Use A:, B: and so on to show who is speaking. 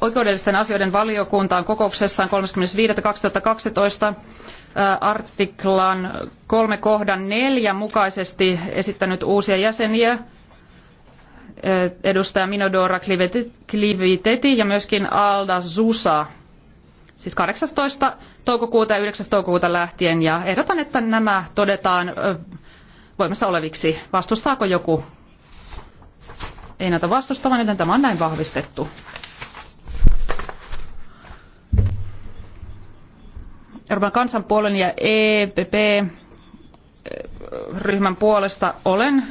A: oikeudellisten asioiden valiokunta on kokouksessaan 35.2012 artiklan kolme kohdan neljä mukaisesti esittänyt uusia jäseniä edustaja Minodora Kliviteti ja myöskin Alda Zusa, siis 18. toukokuuta ja 9. toukokuuta lähtien. Ja ehdotan, että nämä todetaan voimassa oleviksi. Vastustaako joku? Ei näitä vastustavan, joten tämä on näin vahvistettu. Euroopan kansanpuolen ja EPP eh, ryhmän puolesta olen